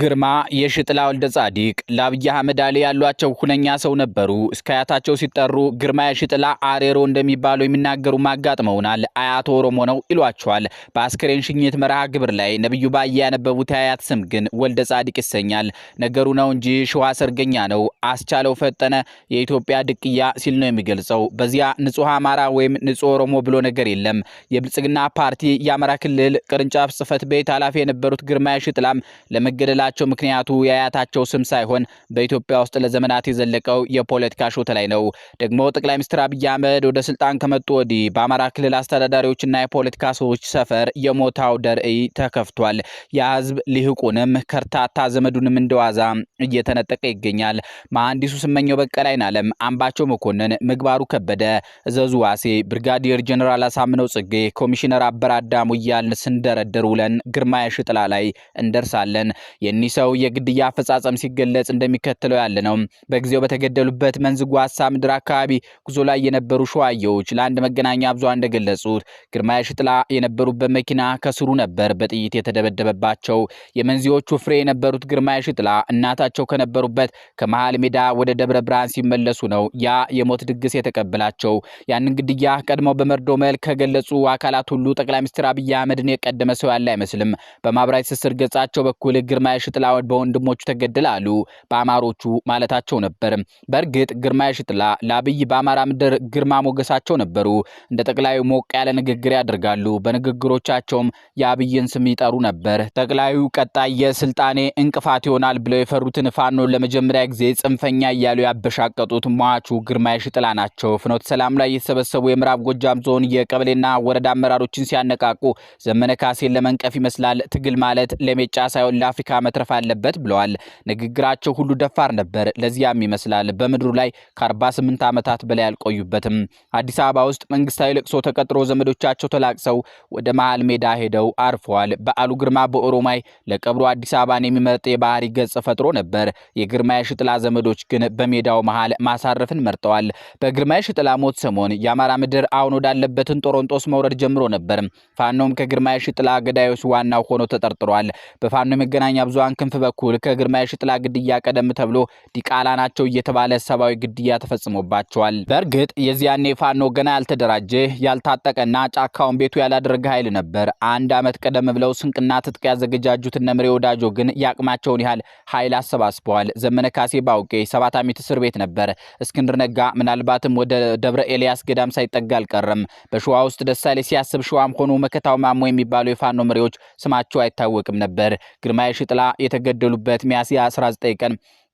ግርማ የሽጥላ ወልደ ጻዲቅ ለአብይ አህመድ አሊ ያሏቸው ሁነኛ ሰው ነበሩ። እስከ አያታቸው ሲጠሩ ግርማ የሽጥላ አሬሮ እንደሚባሉ የሚናገሩ ማጋጥመውናል። አያቶ ኦሮሞ ነው ይሏቸዋል። በአስከሬን ሽኝት መርሃ ግብር ላይ ነብዩ ባያ ያነበቡት የአያት ስም ግን ወልደ ጻዲቅ ይሰኛል። ነገሩ ነው እንጂ ሸዋ ሰርገኛ ነው። አስቻለው ፈጠነ የኢትዮጵያ ድቅያ ሲል ነው የሚገልጸው። በዚያ ንጹሕ አማራ ወይም ንጹ ኦሮሞ ብሎ ነገር የለም። የብልጽግና ፓርቲ የአማራ ክልል ቅርንጫፍ ጽህፈት ቤት ኃላፊ የነበሩት ግርማ የሺጥላም ለመገደ መገደላቸው ምክንያቱ የአያታቸው ስም ሳይሆን በኢትዮጵያ ውስጥ ለዘመናት የዘለቀው የፖለቲካ ሾት ላይ ነው። ደግሞ ጠቅላይ ሚኒስትር አብይ አህመድ ወደ ስልጣን ከመጡ ወዲህ በአማራ ክልል አስተዳዳሪዎችና የፖለቲካ ሰዎች ሰፈር የሞታው ደርእይ ተከፍቷል። የህዝብ ሊህቁንም ከርታታ ዘመዱንም እንደዋዛ እየተነጠቀ ይገኛል። መሐንዲሱ ስመኘው በቀለ አይናለም አምባቸው መኮንን፣ ምግባሩ ከበደ፣ እዘዙ ዋሴ፣ ብርጋዲየር ጀኔራል አሳምነው ጽጌ፣ ኮሚሽነር አበራዳሙያል እያልን ስንደረድር ውለን ግርማ የሽጥላ ላይ እንደርሳለን። የእኒህ ሰው የግድያ አፈጻጸም ሲገለጽ እንደሚከተለው ያለ ነው። በጊዜው በተገደሉበት መንዝ ሀሳ ምድር አካባቢ ጉዞ ላይ የነበሩ ሸዋየዎች ለአንድ መገናኛ ብዙሃን እንደገለጹት ግርማ የሽጥላ የነበሩበት መኪና ከስሩ ነበር በጥይት የተደበደበባቸው። የመንዚዎቹ ፍሬ የነበሩት ግርማ የሽጥላ እናታቸው ከነበሩበት ከመሃል ሜዳ ወደ ደብረ ብርሃን ሲመለሱ ነው ያ የሞት ድግስ የተቀበላቸው። ያንን ግድያ ቀድመው በመርዶ መልክ ከገለጹ አካላት ሁሉ ጠቅላይ ሚኒስትር አብይ አህመድን የቀደመ ሰው ያለ አይመስልም። በማህበራዊ ትስስር ገጻቸው በኩል ግርማ ግርማዬ ሽጥላ በወንድሞቹ ተገደላሉ በአማሮቹ ማለታቸው ነበር። በእርግጥ ግርማ ሽጥላ ለአብይ በአማራ ምድር ግርማ ሞገሳቸው ነበሩ። እንደ ጠቅላዩ ሞቅ ያለ ንግግር ያደርጋሉ። በንግግሮቻቸውም የአብይን ስም ይጠሩ ነበር። ጠቅላዩ ቀጣይ የስልጣኔ እንቅፋት ይሆናል ብለው የፈሩትን ፋኖን ለመጀመሪያ ጊዜ ጽንፈኛ እያሉ ያበሻቀጡት ሟቹ ግርማ ሽጥላ ናቸው። ፍኖት ሰላም ላይ የተሰበሰቡ የምዕራብ ጎጃም ዞን የቀበሌና ወረዳ አመራሮችን ሲያነቃቁ ዘመነ ካሴን ለመንቀፍ ይመስላል ትግል ማለት ለሜጫ ሳይሆን ለአፍሪካ መትረፍ አለበት ብለዋል። ንግግራቸው ሁሉ ደፋር ነበር። ለዚያም ይመስላል በምድሩ ላይ ከ48 ዓመታት በላይ አልቆዩበትም። አዲስ አበባ ውስጥ መንግስታዊ ለቅሶ ተቀጥሮ ዘመዶቻቸው ተላቅሰው ወደ መሃል ሜዳ ሄደው አርፈዋል። በዓሉ ግርማ በኦሮማይ ለቀብሩ አዲስ አበባን የሚመርጥ የባህሪ ገጽ ፈጥሮ ነበር። የግርማ የሽጥላ ዘመዶች ግን በሜዳው መሃል ማሳረፍን መርጠዋል። በግርማ የሽጥላ ሞት ሰሞን የአማራ ምድር አሁን ወዳለበትን ጦሮንጦስ መውረድ ጀምሮ ነበር። ፋኖም ከግርማ የሽጥላ ገዳዮች ዋናው ሆኖ ተጠርጥሯል። በፋኖ የመገናኛ ብዙኃን ክንፍ በኩል ከግርማ የሺጥላ ግድያ ቀደም ተብሎ ዲቃላ ናቸው እየተባለ ሰብአዊ ግድያ ተፈጽሞባቸዋል። በእርግጥ የዚያኔ ፋኖ ገና ያልተደራጀ ያልታጠቀና ጫካውን ቤቱ ያላደረገ ኃይል ነበር። አንድ ዓመት ቀደም ብለው ስንቅና ትጥቅ ያዘገጃጁት እነምሬ ወዳጆ ግን የአቅማቸውን ያህል ኃይል አሰባስበዋል። ዘመነ ካሴ ባውቄ ሰባት ዓመት እስር ቤት ነበር። እስክንድር ነጋ ምናልባትም ወደ ደብረ ኤልያስ ገዳም ሳይጠጋ አልቀረም። በሸዋ ውስጥ ደሳሌ ሲያስብ ሸዋም ሆኖ መከታው ማሞ የሚባሉ የፋኖ መሪዎች ስማቸው አይታወቅም ነበር። ግርማ የሺጥላ የተገደሉበት ሚያዝያ 19 ቀን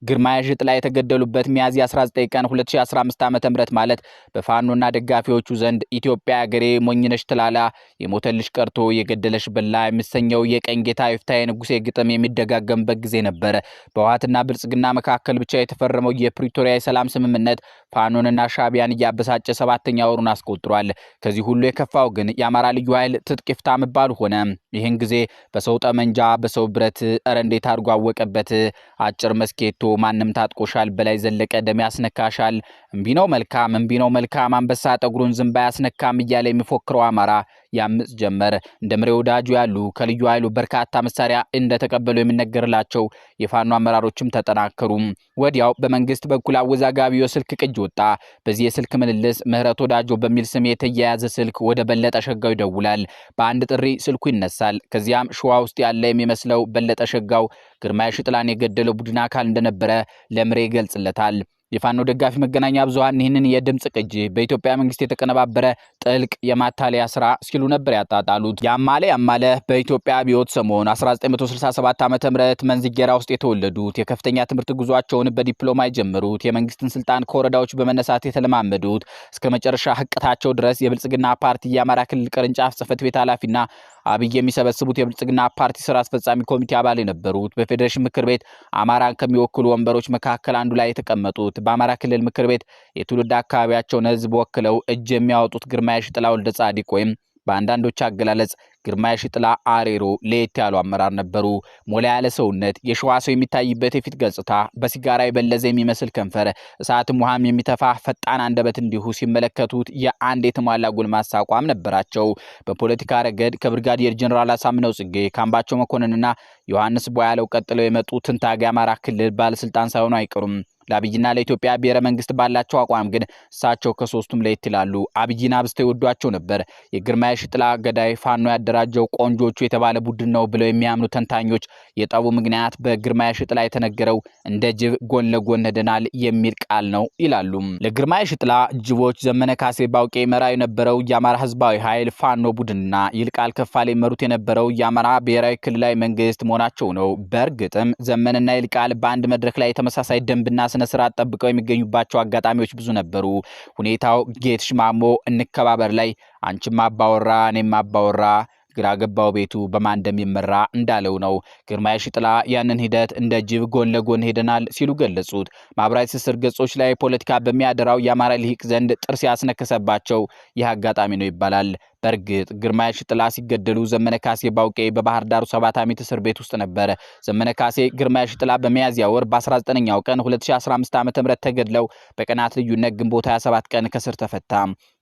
ግርማ ግርማያ ላይ የተገደሉበት ሚያዝያ 19 ቀን 2015 ዓ ም ማለት በፋኖና ደጋፊዎቹ ዘንድ ኢትዮጵያ አገሬ ሞኝነሽ ትላላ የሞተልሽ ቀርቶ የገደለሽ በላ የሚሰኘው የቀኝ ጌታ ይፍታ የንጉሴ ግጥም የሚደጋገምበት ጊዜ ነበረ። በውሃትና ብልጽግና መካከል ብቻ የተፈረመው የፕሪቶሪያ የሰላም ስምምነት ፋኖንና ሻቢያን እያበሳጨ ሰባተኛ ወሩን አስቆጥሯል። ከዚህ ሁሉ የከፋው ግን የአማራ ልዩ ኃይል ትጥቅ ይፍታ መባሉ ሆነ። ይህን ጊዜ በሰው ጠመንጃ በሰው ብረት እረ እንዴት አድርጎ አወቀበት አጭር መስኬቶ ማንም ታጥቆሻል፣ በላይ ዘለቀ ደም ያስነካሻል፣ እምቢ ነው መልካም፣ እምቢ ነው መልካም፣ አንበሳ ጠጉሩን ዝንባ ያስነካም እያለ የሚፎክረው አማራ ያምፅ ጀመር። እንደ ምሬ ወዳጁ ያሉ ከልዩ ኃይሉ በርካታ መሳሪያ እንደተቀበሉ የሚነገርላቸው የፋኖ አመራሮችም ተጠናከሩ። ወዲያው በመንግስት በኩል አወዛጋቢው የስልክ ቅጅ ወጣ። በዚህ የስልክ ምልልስ ምህረት ወዳጆ በሚል ስም የተያያዘ ስልክ ወደ በለጠ ሸጋው ይደውላል። በአንድ ጥሪ ስልኩ ይነሳል። ከዚያም ሸዋ ውስጥ ያለ የሚመስለው በለጠ ሸጋው ግርማ ሽጥላን የገደለው ቡድን አካል እንደነበረ ለምሬ ይገልጽለታል። የፋኖ ደጋፊ መገናኛ ብዙሃን ይህንን የድምፅ ቅጂ በኢትዮጵያ መንግስት የተቀነባበረ ጥልቅ የማታለያ ስራ እስኪሉ ነበር ያጣጣሉት። ያማለ ያማለ በኢትዮጵያ አብዮት ሰሞን 1967 ዓ ም መንዝጌራ ውስጥ የተወለዱት የከፍተኛ ትምህርት ጉዟቸውን በዲፕሎማ የጀመሩት የመንግስትን ስልጣን ከወረዳዎች በመነሳት የተለማመዱት እስከ መጨረሻ ህቀታቸው ድረስ የብልጽግና ፓርቲ የአማራ ክልል ቅርንጫፍ ጽህፈት ቤት ኃላፊና አብይ የሚሰበስቡት የብልጽግና ፓርቲ ስራ አስፈጻሚ ኮሚቴ አባል የነበሩት በፌዴሬሽን ምክር ቤት አማራን ከሚወክሉ ወንበሮች መካከል አንዱ ላይ የተቀመጡት በአማራ ክልል ምክር ቤት የትውልድ አካባቢያቸውን ህዝብ ወክለው እጅ የሚያወጡት ግርማ የሽጥላ ወልደ ጻዲቅ ወይም በአንዳንዶች አገላለጽ ግርማ የሺጥላ አሬሮ ለየት ያሉ አመራር ነበሩ። ሞላ ያለ ሰውነት፣ የሸዋ ሰው የሚታይበት የፊት ገጽታ፣ በሲጋራ የበለዘ የሚመስል ከንፈር፣ እሳትም ውሃም የሚተፋ ፈጣን አንደበት እንዲሁ ሲመለከቱት የአንድ የተሟላ ጎልማሳ አቋም ነበራቸው። በፖለቲካ ረገድ ከብርጋዲየር ጀኔራል አሳምነው ጽጌ ካምባቸው መኮንንና ዮሐንስ ቧያለው ቀጥለው የመጡ ታጋይ አማራ ክልል ባለስልጣን ሳይሆኑ አይቀሩም። ለአብይና ለኢትዮጵያ ብሔረ መንግስት ባላቸው አቋም ግን እሳቸው ከሶስቱም ለየት ይላሉ። አብይን አብዝተው ይወዷቸው ነበር። የግርማይ ሽጥላ ገዳይ ፋኖ ያደራጀው ቆንጆቹ የተባለ ቡድን ነው ብለው የሚያምኑ ተንታኞች የጠቡ ምክንያት በግርማይ ሽጥላ የተነገረው እንደ ጅብ ጎን ለጎን ሄደናል የሚል ቃል ነው ይላሉ። ለግርማይ ሽጥላ ጅቦች ዘመነ ካሴ ባውቄ መራ የነበረው የአማራ ህዝባዊ ኃይል ፋኖ ቡድንና ይልቃል ከፋለ መሩት የነበረው የአማራ ብሔራዊ ክልላዊ መንግስት መሆናቸው ነው። በእርግጥም ዘመንና ይልቃል በአንድ መድረክ ላይ ተመሳሳይ ደንብና ስነ ስርዓት ጠብቀው የሚገኙባቸው አጋጣሚዎች ብዙ ነበሩ። ሁኔታው ጌት ሽማሞ እንከባበር ላይ አንቺም አባወራ እኔም አባወራ ግራ ገባው ቤቱ በማን እንደሚመራ እንዳለው ነው። ግርማይ ሽጥላ ያንን ሂደት እንደ ጅብ ጎን ለጎን ሄደናል ሲሉ ገለጹት። ማህበራዊ ትስስር ገጾች ላይ ፖለቲካ በሚያደራው የአማራ ልሂቅ ዘንድ ጥርስ ያስነከሰባቸው ይህ አጋጣሚ ነው ይባላል። በእርግጥ ግርማ ሽጥላ ሲገደሉ ዘመነ ካሴ ባውቄ በባህር ዳሩ ሰባት ዓመት እስር ቤት ውስጥ ነበረ። ዘመነ ካሴ ግርማ ሽጥላ በሚያዝያ ወር በ19ኛው ቀን 2015 ዓ ም ተገድለው በቀናት ልዩነት ግንቦት 27 ቀን ከስር ተፈታ።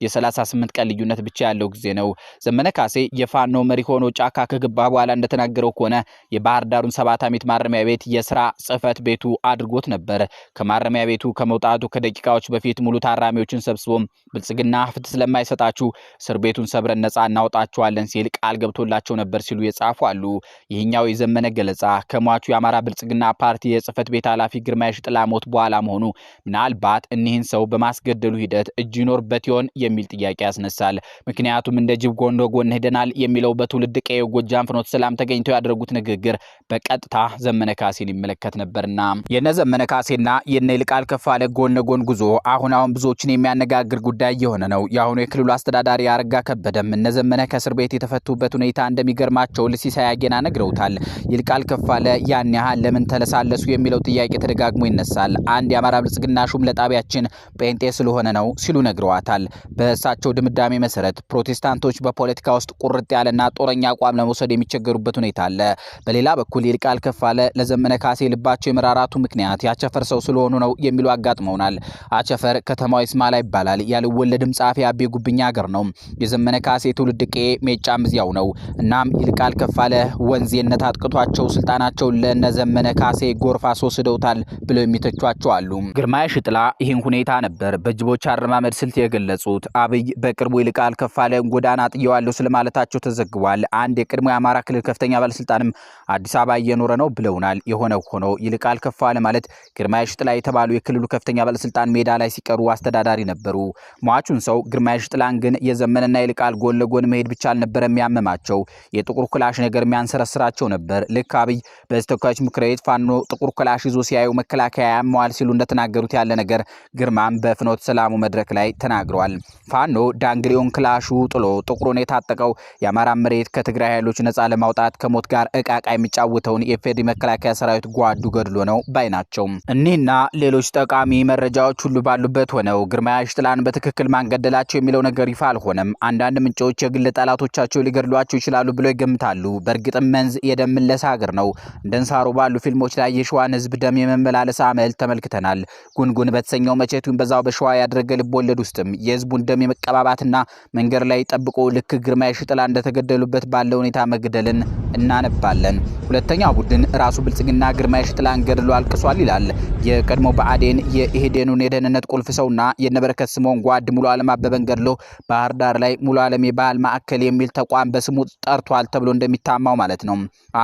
የ38 ቀን ልዩነት ብቻ ያለው ጊዜ ነው። ዘመነ ካሴ የፋኖ መሪ ሆኖ ጫካ ከገባ በኋላ እንደተናገረው ከሆነ የባህር ዳሩን ሰባት ዓመት ማረሚያ ቤት የስራ ጽህፈት ቤቱ አድርጎት ነበር። ከማረሚያ ቤቱ ከመውጣቱ ከደቂቃዎች በፊት ሙሉ ታራሚዎችን ሰብስቦም ብልጽግና ፍትህ ስለማይሰጣችሁ እስር ቤቱን አብረን ነፃ እናወጣቸዋለን ሲል ቃል ገብቶላቸው ነበር ሲሉ የጻፉ አሉ። ይህኛው የዘመነ ገለጻ ከሟቹ የአማራ ብልጽግና ፓርቲ የጽህፈት ቤት ኃላፊ ግርማ የሽጥላ ሞት በኋላ መሆኑ ምናልባት እኒህን ሰው በማስገደሉ ሂደት እጅ ይኖርበት ይሆን የሚል ጥያቄ ያስነሳል። ምክንያቱም እንደ ጅብ ጎን ለጎን ሄደናል የሚለው በትውልድ ቀዬው ጎጃም ፍኖተ ሰላም ተገኝተው ያደረጉት ንግግር በቀጥታ ዘመነ ካሴን ይመለከት ነበርና የነ ዘመነ ካሴና የነ ይልቃል ከፋለ ጎን ለጎን ጉዞ አሁን አሁን ብዙዎችን የሚያነጋግር ጉዳይ የሆነ ነው። የአሁኑ የክልሉ አስተዳዳሪ አረጋ ከበደ አልከበደም። እነ ዘመነ ከእስር ቤት የተፈቱበት ሁኔታ እንደሚገርማቸው ሲሳይ አጌና ነግረውታል። ይልቃል ከፋለ ያን ያህል ለምን ተለሳለሱ የሚለው ጥያቄ ተደጋግሞ ይነሳል። አንድ የአማራ ብልጽግና ሹም ለጣቢያችን ጴንጤ ስለሆነ ነው ሲሉ ነግረዋታል። በእሳቸው ድምዳሜ መሰረት ፕሮቴስታንቶች በፖለቲካ ውስጥ ቁርጥ ያለና ጦረኛ አቋም ለመውሰድ የሚቸገሩበት ሁኔታ አለ። በሌላ በኩል ይልቃል ከፋለ ለዘመነ ካሴ ልባቸው የመራራቱ ምክንያት ያቸፈር ሰው ስለሆኑ ነው የሚሉ አጋጥመውናል። አቸፈር ከተማው ይስማላ ይባላል። ያልወለድም ጸሐፊ አቤ ጉብኛ ሀገር ነው። የዘመነ ካሴ ቄ ሜጫም እዚያው ነው። እናም ይልቃል ከፋለ ወንዜነት አጥቅቷቸው ስልጣናቸውን ለነዘመነ ካሴ ጎርፍ አስወስደውታል ብለው የሚተቿቸው አሉ። ግርማ ሽጥላ ይህን ሁኔታ ነበር በጅቦች አረማመድ ስልት የገለጹት። አብይ በቅርቡ ይልቃል ከፋለ ጎዳና ጥየዋለሁ ስለማለታቸው ተዘግቧል። አንድ የቅድሞ የአማራ ክልል ከፍተኛ ባለስልጣንም አዲስ አበባ እየኖረ ነው ብለውናል። የሆነ ሆኖ ይልቃል ከፋለ ማለት ግርማ ሽጥላ የተባሉ የክልሉ ከፍተኛ ባለስልጣን ሜዳ ላይ ሲቀሩ አስተዳዳሪ ነበሩ። ሟቹን ሰው ግርማ ሽጥላን ግን የዘመነና ይልቃል ጎን ለጎን መሄድ ብቻ አልነበረ የሚያመማቸው የጥቁር ክላሽ ነገር የሚያንሰረስራቸው ነበር። ልክ አብይ በዚህ ተወካዮች ምክር ቤት ፋኖ ጥቁር ክላሽ ይዞ ሲያዩ መከላከያ ያመዋል ሲሉ እንደተናገሩት ያለ ነገር ግርማም በፍኖት ሰላሙ መድረክ ላይ ተናግረዋል። ፋኖ ዳንግሊዮን ክላሹ ጥሎ ጥቁሩን የታጠቀው የአማራ መሬት ከትግራይ ኃይሎች ነፃ ለማውጣት ከሞት ጋር እቃቃ የሚጫወተውን የፌድ መከላከያ ሰራዊት ጓዱ ገድሎ ነው ባይ ናቸው። እኒህና ሌሎች ጠቃሚ መረጃዎች ሁሉ ባሉበት ሆነው ግርማ ያሽጥላን በትክክል ማንገደላቸው የሚለው ነገር ይፋ አልሆነም። አንዳንድ ምንጮች የግል ጠላቶቻቸው ሊገድሏቸው ይችላሉ ብለው ይገምታሉ። በእርግጥም መንዝ የደም ሀገር ነው። እንደ እንሳሮ ባሉ ፊልሞች ላይ የሸዋን ህዝብ ደም የመመላለስ አመል ተመልክተናል። ጉንጉን በተሰኘው መቼቱን በዛው በሸዋ ያደረገ ልብ ወለድ ውስጥም የህዝቡን ደም የመቀባባትና መንገድ ላይ ጠብቆ ልክ ግርማ የሽጥላ እንደተገደሉበት ባለ ሁኔታ መግደልን እናነባለን። ሁለተኛው ቡድን ራሱ ብልጽግና ግርማ የሽትላን ገድሎ አልቅሷል ይላል። የቀድሞ በአዴን የኢህዴኑን የደህንነት ቁልፍ ሰውና የነበረከት ስምኦን ጓድ ሙሉ ዓለም አበበን ገድሎ ባህር ዳር ላይ ሙሉ ዓለም የባህል ማዕከል የሚል ተቋም በስሙ ጠርቷል ተብሎ እንደሚታማው ማለት ነው።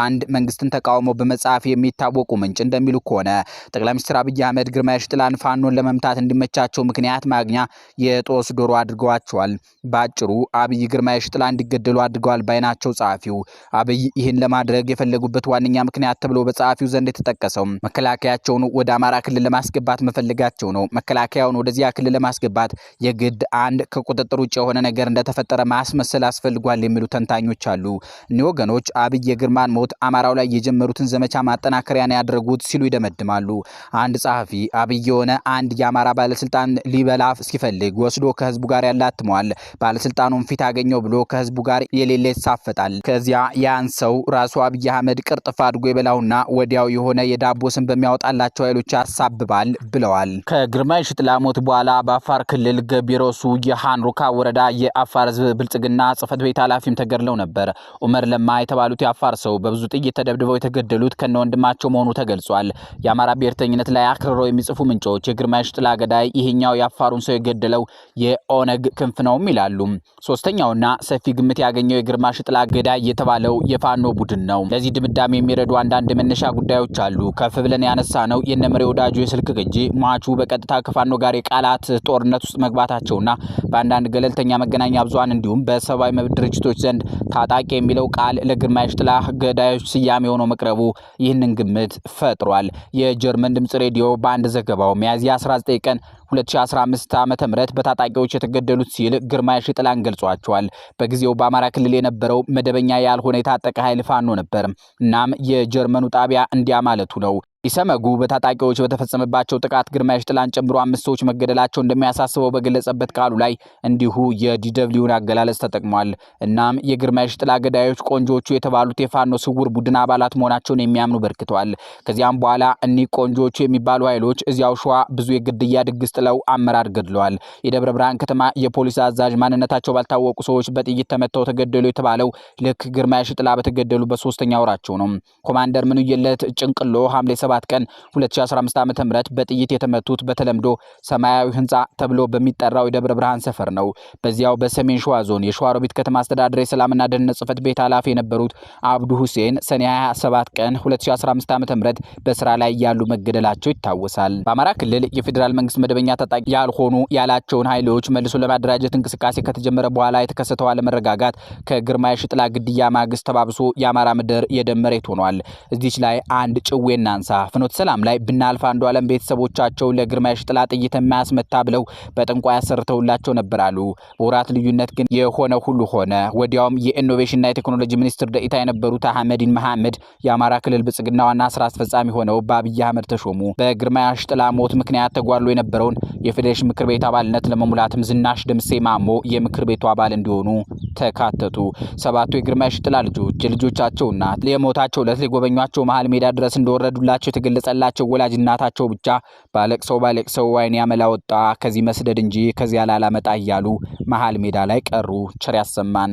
አንድ መንግስትን ተቃውሞ በመጽሐፍ የሚታወቁ ምንጭ እንደሚሉ ከሆነ ጠቅላይ ሚኒስትር አብይ አህመድ ግርማ የሽትላን ፋኖን ለመምታት እንዲመቻቸው ምክንያት ማግኛ የጦስ ዶሮ አድርገዋቸዋል። በአጭሩ አብይ ግርማ የሽትላ እንዲገደሉ አድርገዋል ባይናቸው ጸሐፊው አብይ ይህን ለማድረግ የፈለጉበት ዋነኛ ምክንያት ተብሎ በጸሐፊው ዘንድ የተጠቀሰው መከላከያቸውን ወደ አማራ ክልል ለማስገባት መፈለጋቸው ነው። መከላከያውን ወደዚያ ክልል ለማስገባት የግድ አንድ ከቁጥጥር ውጭ የሆነ ነገር እንደተፈጠረ ማስመሰል አስፈልጓል የሚሉ ተንታኞች አሉ። እኒህ ወገኖች አብይ የግርማን ሞት አማራው ላይ የጀመሩትን ዘመቻ ማጠናከሪያን ያደረጉት ሲሉ ይደመድማሉ። አንድ ጸሐፊ አብይ የሆነ አንድ የአማራ ባለስልጣን ሊበላ ሲፈልግ ወስዶ ከህዝቡ ጋር ያላትመዋል። ባለስልጣኑን ፊት አገኘው ብሎ ከህዝቡ ጋር የሌለ ይሳፈጣል። ከዚያ ያንስ ሰው ራሱ አብይ አህመድ ቅርጥፍ አድጎ የበላውና ወዲያው የሆነ የዳቦ ስም በሚያወጣላቸው ኃይሎች ያሳብባል ብለዋል። ከግርማይ ሽጥላ ሞት በኋላ በአፋር ክልል ገቢሮሱ የሃንሩካ ወረዳ የአፋር ህዝብ ብልጽግና ጽህፈት ቤት ኃላፊም ተገድለው ነበር። ኡመር ለማ የተባሉት የአፋር ሰው በብዙ ጥይት ተደብድበው የተገደሉት ከነ ወንድማቸው መሆኑ ተገልጿል። የአማራ ብሔርተኝነት ላይ አክርረው የሚጽፉ ምንጮች የግርማይ ሽጥላ ገዳይ ይህኛው የአፋሩን ሰው የገደለው የኦነግ ክንፍ ነውም ይላሉ። ሶስተኛውና ሰፊ ግምት ያገኘው የግርማ ሽጥላ ገዳይ የተባለው የፋ ፋኖ ቡድን ነው። ለዚህ ድምዳሜ የሚረዱ አንዳንድ መነሻ ጉዳዮች አሉ። ከፍ ብለን ያነሳ ነው የነመሬ ወዳጁ የስልክ ግጂ ሟቹ በቀጥታ ከፋኖ ጋር የቃላት ጦርነት ውስጥ መግባታቸውና በአንዳንድ ገለልተኛ መገናኛ ብዙሃን እንዲሁም በሰብአዊ መብት ድርጅቶች ዘንድ ታጣቂ የሚለው ቃል ለግርማሽ ጥላ ገዳዮች ስያሜ የሆነው መቅረቡ ይህንን ግምት ፈጥሯል። የጀርመን ድምጽ ሬዲዮ በአንድ ዘገባው ሚያዝያ 19 ቀን 2015 ዓ ም በታጣቂዎች የተገደሉት ሲል ግርማሽ ጥላን ገልጿቸዋል። በጊዜው በአማራ ክልል የነበረው መደበኛ ያልሆነ የታጠቀ ኃይል ፋኖ ነበር። እናም የጀርመኑ ጣቢያ እንዲያ ማለቱ ነው። ኢሰመጉ በታጣቂዎች በተፈጸመባቸው ጥቃት ግርማ ያሽጥላን ጨምሮ አምስት ሰዎች መገደላቸው እንደሚያሳስበው በገለጸበት ቃሉ ላይ እንዲሁ የዲደብሊውን አገላለጽ ተጠቅሟል። እናም የግርማ ያሽጥላ ገዳዮች ቆንጆቹ የተባሉት የፋኖ ስውር ቡድን አባላት መሆናቸውን የሚያምኑ በርክተዋል። ከዚያም በኋላ እኒህ ቆንጆቹ የሚባሉ ኃይሎች እዚያው ሸዋ ብዙ የግድያ ድግስ ጥለው አመራር ገድለዋል። የደብረ ብርሃን ከተማ የፖሊስ አዛዥ ማንነታቸው ባልታወቁ ሰዎች በጥይት ተመተው ተገደሉ የተባለው ልክ ግርማ ያሽጥላ በተገደሉበት ሶስተኛ ወራቸው ነው። ኮማንደር ምንውየለት ጭንቅሎ ሐምሌ 7 ቀን 2015 ዓ ም በጥይት የተመቱት በተለምዶ ሰማያዊ ህንፃ ተብሎ በሚጠራው የደብረ ብርሃን ሰፈር ነው። በዚያው በሰሜን ሸዋ ዞን የሸዋሮቢት ከተማ አስተዳደር የሰላምና ደህንነት ጽህፈት ቤት ኃላፊ የነበሩት አብዱ ሁሴን ሰኔ 27 ቀን 2015 ዓ ም በስራ ላይ ያሉ መገደላቸው ይታወሳል። በአማራ ክልል የፌዴራል መንግስት መደበኛ ታጣቂ ያልሆኑ ያላቸውን ኃይሎች መልሶ ለማደራጀት እንቅስቃሴ ከተጀመረ በኋላ የተከሰተው አለመረጋጋት ከግርማ የሽጥላ ግድያ ማግስት ተባብሶ የአማራ ምድር የደም መሬት ሆኗል። እዚች ላይ አንድ ጭዌ እናንሳ። ፍኖተ ሰላም ላይ ብናልፍ አንዱ አለም ቤተሰቦቻቸውን ለግርማ የሽጥላ ጥይት የማያስመታ ብለው በጠንቋይ አሰርተውላቸው ነበር አሉ። በወራት ልዩነት ግን የሆነ ሁሉ ሆነ። ወዲያውም የኢኖቬሽንና የቴክኖሎጂ ሚኒስትር ደኢታ የነበሩት አህመዲን መሐመድ የአማራ ክልል ብልጽግና ዋና ስራ አስፈጻሚ ሆነው በአብይ አህመድ ተሾሙ። በግርማ የሽጥላ ሞት ምክንያት ተጓሎ የነበረውን የፌዴሬሽን ምክር ቤት አባልነት ለመሙላትም ዝናሽ ደምሴ ማሞ የምክር ቤቱ አባል እንዲሆኑ ተካተቱ። ሰባቱ የግርማይ ሽጥላ ልጆች የልጆቻቸው እናት የሞታቸው ዕለት ሊጎበኟቸው መሀል ሜዳ ድረስ እንደወረዱላቸው የተገለጸላቸው ወላጅ እናታቸው ብቻ ባለቅሰው ባለቅሰው ዓይን ያመላ ወጣ ከዚህ መስደድ እንጂ ከዚያ ላላመጣ እያሉ መሀል ሜዳ ላይ ቀሩ። ቸር ያሰማን።